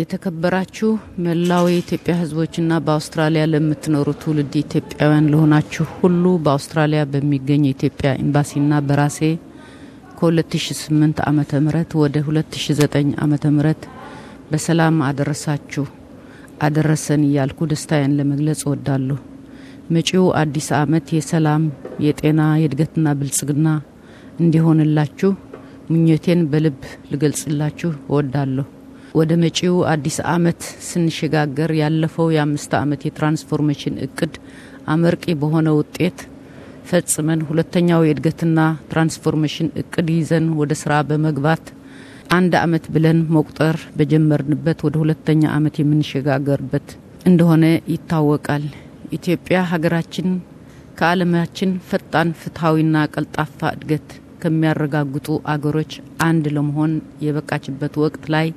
የተከበራችሁ መላው የኢትዮጵያ ህዝቦችና በአውስትራሊያ ለምትኖሩ ትውልድ ኢትዮጵያውያን ለሆናችሁ ሁሉ በአውስትራሊያ በሚገኝ የኢትዮጵያ ኤምባሲና በራሴ ከ2008 ዓ ም ወደ 2009 ዓ ም በሰላም አደረሳችሁ አደረሰን እያልኩ ደስታዬን ለመግለጽ እወዳለሁ። መጪው አዲስ ዓመት የሰላም የጤና የእድገትና ብልጽግና እንዲሆንላችሁ ምኞቴን በልብ ልገልጽላችሁ እወዳለሁ። ወደ መጪው አዲስ ዓመት ስንሸጋገር ያለፈው የአምስት ዓመት የትራንስፎርሜሽን እቅድ አመርቂ በሆነ ውጤት ፈጽመን ሁለተኛው የእድገትና ትራንስፎርሜሽን እቅድ ይዘን ወደ ስራ በመግባት አንድ ዓመት ብለን መቁጠር በጀመርንበት ወደ ሁለተኛ ዓመት የምንሸጋገርበት እንደሆነ ይታወቃል። ኢትዮጵያ ሀገራችን ከዓለማችን ፈጣን ፍትሐዊና ቀልጣፋ እድገት ከሚያረጋግጡ አገሮች አንድ ለመሆን የበቃችበት ወቅት ላይ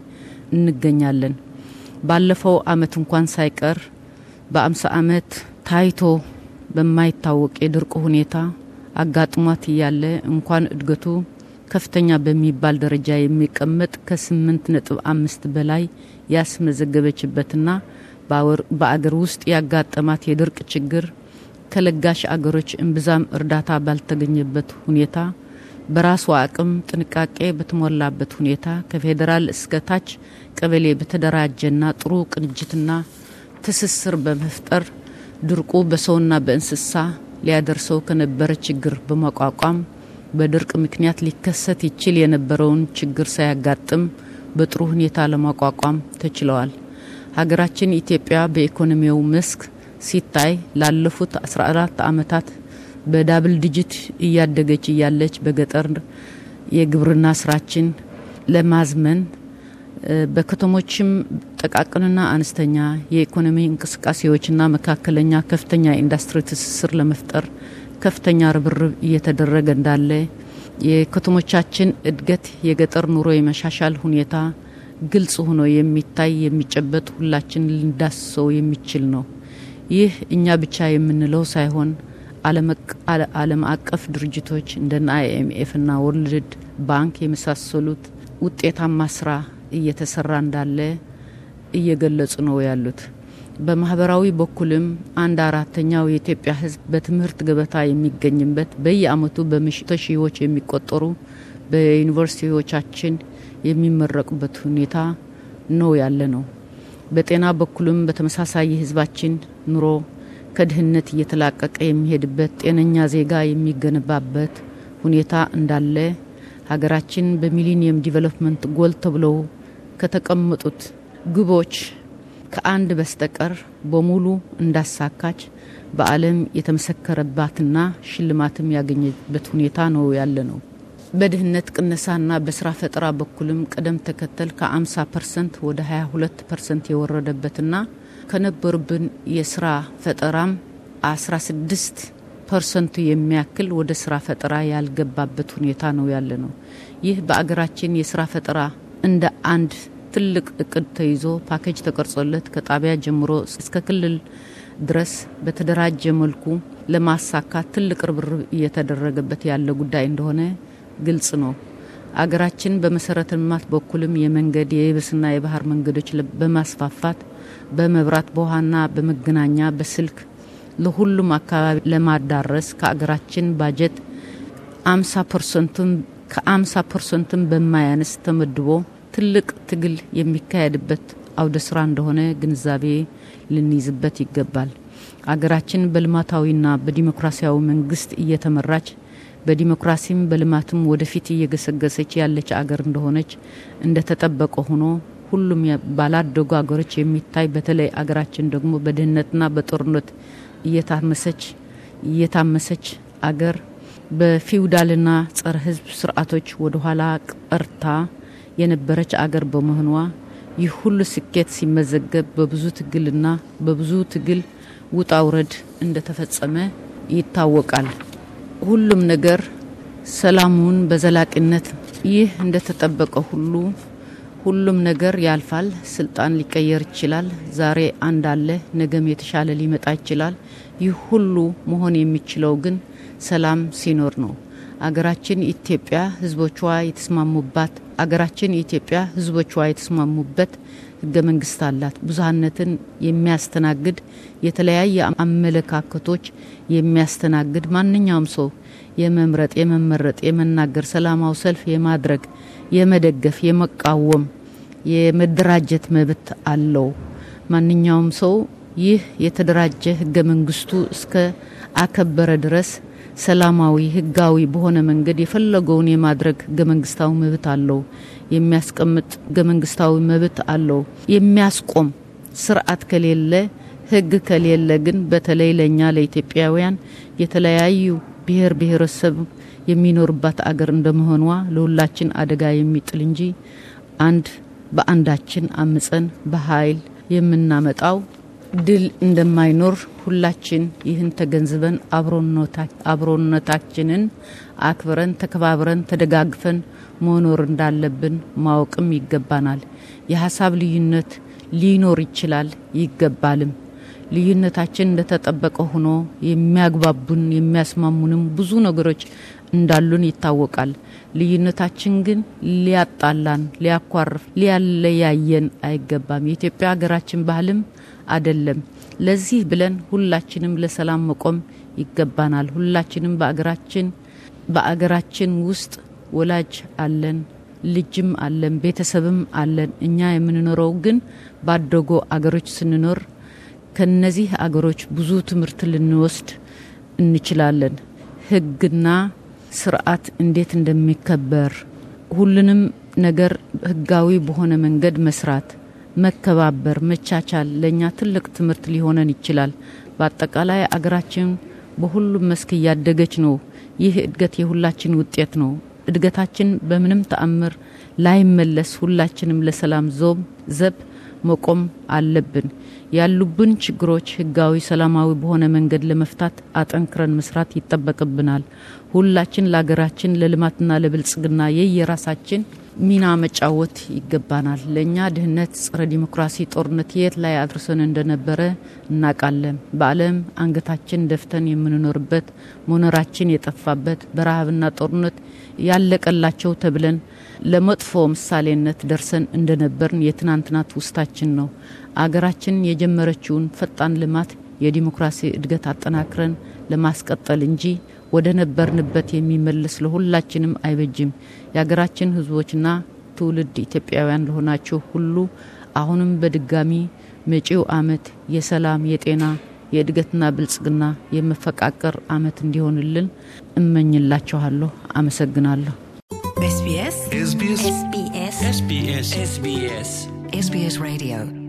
እንገኛለን። ባለፈው አመት እንኳን ሳይቀር በአምሳ አመት ታይቶ በማይታወቅ የድርቅ ሁኔታ አጋጥሟት እያለ እንኳን እድገቱ ከፍተኛ በሚባል ደረጃ የሚቀመጥ ከስምንት ነጥብ አምስት በላይ ያስመዘገበችበትና በአገር ውስጥ ያጋጠማት የድርቅ ችግር ከለጋሽ አገሮች እምብዛም እርዳታ ባልተገኘበት ሁኔታ በራሱ አቅም ጥንቃቄ በተሞላበት ሁኔታ ከፌዴራል እስከ ታች ቀበሌ በተደራጀና ጥሩ ቅንጅትና ትስስር በመፍጠር ድርቁ በሰውና በእንስሳ ሊያደርሰው ከነበረ ችግር በመቋቋም በድርቅ ምክንያት ሊከሰት ይችል የነበረውን ችግር ሳያጋጥም በጥሩ ሁኔታ ለማቋቋም ተችለዋል። ሀገራችን ኢትዮጵያ በኢኮኖሚው መስክ ሲታይ ላለፉት 14 ዓመታት በዳብል ዲጂት እያደገች እያለች በገጠር የግብርና ስራችን ለማዝመን በከተሞችም ጥቃቅንና አነስተኛ የኢኮኖሚ እንቅስቃሴዎችና መካከለኛ ከፍተኛ ኢንዱስትሪ ትስስር ለመፍጠር ከፍተኛ ርብርብ እየተደረገ እንዳለ የከተሞቻችን እድገት የገጠር ኑሮ የመሻሻል ሁኔታ ግልጽ ሆኖ የሚታይ የሚጨበጥ ሁላችን ልንዳስሰው የሚችል ነው። ይህ እኛ ብቻ የምንለው ሳይሆን ዓለም አቀፍ ድርጅቶች እንደነ አይኤምኤፍና ወርልድ ባንክ የመሳሰሉት ውጤታማ ስራ እየተሰራ እንዳለ እየገለጹ ነው ያሉት። በማህበራዊ በኩልም አንድ አራተኛው የኢትዮጵያ ሕዝብ በትምህርት ገበታ የሚገኝበት በየአመቱ በመቶ ሺዎች የሚቆጠሩ በዩኒቨርሲቲዎቻችን የሚመረቁበት ሁኔታ ነው ያለ ነው። በጤና በኩልም በተመሳሳይ የህዝባችን ኑሮ ከድህነት እየተላቀቀ የሚሄድበት ጤነኛ ዜጋ የሚገነባበት ሁኔታ እንዳለ ሀገራችን በሚሊኒየም ዲቨሎፕመንት ጎል ተብለው ከተቀመጡት ግቦች ከአንድ በስተቀር በሙሉ እንዳሳካች በዓለም የተመሰከረባትና ሽልማትም ያገኘበት ሁኔታ ነው ያለ ነው። በድህነት ቅነሳና በስራ ፈጠራ በኩልም ቅደም ተከተል ከ50 ፐርሰንት ወደ 22 ፐርሰንት የወረደበትና ከነበሩብን የስራ ፈጠራም 16 ፐርሰንቱ የሚያክል ወደ ስራ ፈጠራ ያልገባበት ሁኔታ ነው ያለ ነው። ይህ በአገራችን የስራ ፈጠራ እንደ አንድ ትልቅ እቅድ ተይዞ ፓኬጅ ተቀርጾለት ከጣቢያ ጀምሮ እስከ ክልል ድረስ በተደራጀ መልኩ ለማሳካት ትልቅ ርብርብ እየተደረገበት ያለ ጉዳይ እንደሆነ ግልጽ ነው። አገራችን በመሰረተ ልማት በኩልም የመንገድ የየብስና የባህር መንገዶች በማስፋፋት በመብራት በውሃና በመገናኛ በስልክ ለሁሉም አካባቢ ለማዳረስ ከአገራችን ባጀት አምሳ ፐርሰንቱን ከአምሳ ፐርሰንትን በማያንስ ተመድቦ ትልቅ ትግል የሚካሄድበት አውደ ስራ እንደሆነ ግንዛቤ ልንይዝበት ይገባል። አገራችን በልማታዊና በዲሞክራሲያዊ መንግስት እየተመራች በዲሞክራሲም በልማትም ወደፊት እየገሰገሰች ያለች አገር እንደሆነች እንደተጠበቀ ሆኖ ሁሉም ባላደጉ አገሮች የሚታይ በተለይ አገራችን ደግሞ በድህነትና በጦርነት እየታመሰች እየታመሰች አገር በፊውዳልና ጸረ ሕዝብ ስርዓቶች ወደኋላ ቀርታ የነበረች አገር በመሆኗ ይህ ሁሉ ስኬት ሲመዘገብ በብዙ ትግልና በብዙ ትግል ውጣ ውረድ እንደተፈጸመ ይታወቃል። ሁሉም ነገር ሰላሙን በዘላቂነት ይህ እንደተጠበቀ ሁሉ ሁሉም ነገር ያልፋል። ስልጣን ሊቀየር ይችላል። ዛሬ አንድ አለ፣ ነገም የተሻለ ሊመጣ ይችላል። ይህ ሁሉ መሆን የሚችለው ግን ሰላም ሲኖር ነው። አገራችን ኢትዮጵያ ህዝቦቿ የተስማሙባት አገራችን ኢትዮጵያ ህዝቦቿ የተስማሙበት ህገ መንግስት አላት። ብዙሀነትን የሚያስተናግድ የተለያየ አመለካከቶች የሚያስተናግድ ማንኛውም ሰው የመምረጥ፣ የመመረጥ፣ የመናገር፣ ሰላማዊ ሰልፍ የማድረግ፣ የመደገፍ፣ የመቃወም፣ የመደራጀት መብት አለው። ማንኛውም ሰው ይህ የተደራጀ ህገ መንግስቱ እስከ አከበረ ድረስ ሰላማዊ፣ ህጋዊ በሆነ መንገድ የፈለገውን የማድረግ ህገ መንግስታዊ መብት አለው። የሚያስቀምጥ ህገ መንግስታዊ መብት አለው። የሚያስቆም ስርዓት ከሌለ ህግ ከሌለ ግን በተለይ ለእኛ ለኢትዮጵያውያን የተለያዩ ብሔር ብሔረሰብ የሚኖርባት አገር እንደመሆኗ ለሁላችን አደጋ የሚጥል እንጂ አንድ በአንዳችን አምፀን በኃይል የምናመጣው ድል እንደማይኖር ሁላችን ይህን ተገንዝበን አብሮነታችንን አክብረን ተከባብረን ተደጋግፈን መኖር እንዳለብን ማወቅም ይገባናል። የሀሳብ ልዩነት ሊኖር ይችላል ይገባልም። ልዩነታችን እንደተጠበቀ ሆኖ የሚያግባቡን የሚያስማሙንም ብዙ ነገሮች እንዳሉን ይታወቃል። ልዩነታችን ግን ሊያጣላን፣ ሊያኳርፍ፣ ሊያለያየን አይገባም። የኢትዮጵያ ሀገራችን ባህልም አደለም። ለዚህ ብለን ሁላችንም ለሰላም መቆም ይገባናል። ሁላችንም በአገራችን በአገራችን ውስጥ ወላጅ አለን፣ ልጅም አለን፣ ቤተሰብም አለን። እኛ የምንኖረው ግን ባደጎ አገሮች ስንኖር ከነዚህ አገሮች ብዙ ትምህርት ልንወስድ እንችላለን። ህግና ስርዓት እንዴት እንደሚከበር ሁሉንም ነገር ህጋዊ በሆነ መንገድ መስራት መከባበር፣ መቻቻል ለእኛ ትልቅ ትምህርት ሊሆነን ይችላል። በአጠቃላይ አገራችን በሁሉም መስክ እያደገች ነው። ይህ እድገት የሁላችን ውጤት ነው። እድገታችን በምንም ተአምር ላይመለስ ሁላችንም ለሰላም ዞም ዘብ መቆም አለብን። ያሉብን ችግሮች ህጋዊ፣ ሰላማዊ በሆነ መንገድ ለመፍታት አጠንክረን መስራት ይጠበቅብናል። ሁላችን ለሀገራችን ለልማትና ለብልጽግና የየራሳችን ሚና መጫወት ይገባናል። ለእኛ ድህነት፣ ጸረ ዲሞክራሲ ጦርነት የት ላይ አድርሰን እንደነበረ እናውቃለን። በዓለም አንገታችን ደፍተን የምንኖርበት መኖራችን የጠፋበት በረሃብና ጦርነት ያለቀላቸው ተብለን ለመጥፎ ምሳሌነት ደርሰን እንደነበርን የትናንትናት ውስታችን ነው። አገራችን የጀመረችውን ፈጣን ልማት የዲሞክራሲ እድገት አጠናክረን ለማስቀጠል እንጂ ወደ ነበርንበት የሚመልስ ለሁላችንም አይበጅም። የሀገራችን ህዝቦችና ትውልድ ኢትዮጵያውያን ለሆናችሁ ሁሉ አሁንም በድጋሚ መጪው አመት የሰላም የጤና የእድገትና ብልጽግና የመፈቃቀር አመት እንዲሆንልን እመኝላችኋለሁ። አመሰግናለሁ። ኤስቢኤስ ሬዲዮ